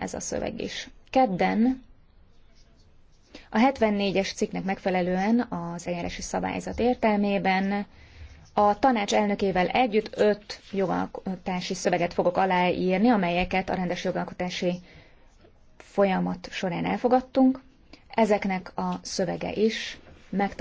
ez a szöveg is. Kedden a 74-es cikknek megfelelően az eljárási szabályzat értelmében a tanács elnökével együtt öt jogalkotási szöveget fogok aláírni, amelyeket a rendes jogalkotási folyamat során elfogadtunk. Ezeknek a szövege is megtalálható.